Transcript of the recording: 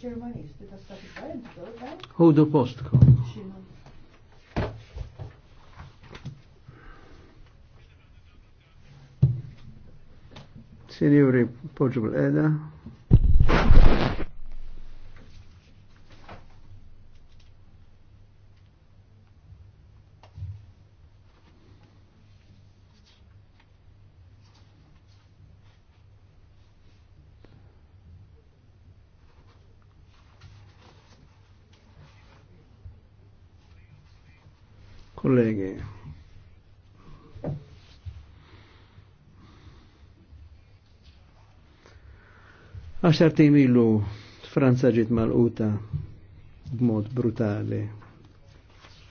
ġermanisti ta' stati Hudu postkom. Sinjuri, poġu bil-eda. Kollegi. Għaxar timilu Franza ġiet mal-uta b'mod brutali